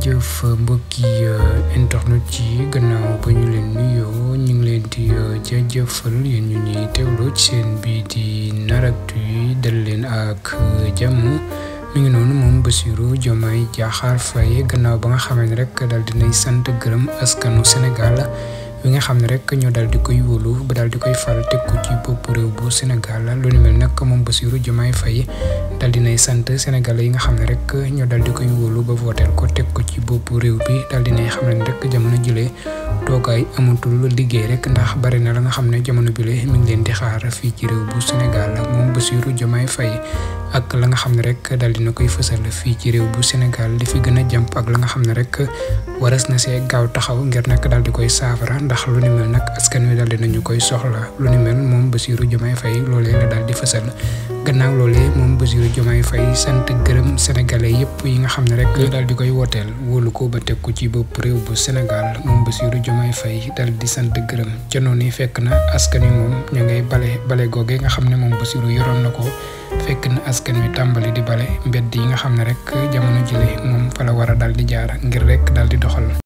jëf mbokki euh, internet yi gannaaw ba ñu leen nuyoo ñu ngi leen di euh, jëfal yi ñu ñuy teewloo ci seen bii di naraktu yi dal leen ak euh, jàmm mi ngi noonu moom Bassirou Diomaye Diakhar Faye gannaaw ba nga xamee ne rek dal dinay sant gërëm askanu Sénégal wi nga xam ne rek ñoo daal di koy wóolu ba daal di koy fal teg ko ci boppu réew bu Sénégal lu ni mel nag moom Bassirou Diomaye fay daal di nay sant Sénégalais yi nga xam ne rek ñoo daal di koy wóolu ba vooteel ko teg ko ci boppu réew bi daal di nay xam ne rek jamono jëlee. toogaay amatul liggéey rek ndax bari na la nga xam ne jamono bi mi ngi leen di xaar fii ci réew bu Sénégal moom Bassirou Diomaye fay ak la nga xam ne rek daal dina koy fësal fii ci réew bu Sénégal li fi gën a jàmp ak la nga xam ne rek waras na see gaaw taxaw ngir nag daal di koy saafara ndax lu ni mel nag askan wi daal dinañu koy soxla lu ni mel moom Bassirou Diomaye Faye loolee la daal di fësal gannaaw loolee moom Bassirou Diomaye Faye sant gërëm sénégalais yëpp yi nga xam ne rek daal di koy wooteel wóolu ko ba teg ko ci bopp réew bu Sénégal moom Bassirou Diomaye fay daal di sant gërëm ca noonu fekk na askan wi moom ñu ngay bale bale googe nga xam ne moom Bassirou yoroon na ko fekk na askan wi tàmbali di bale mbedd yi nga xam ne rek jamono jile moom fa la war a daal di jaar ngir rek daal di doxal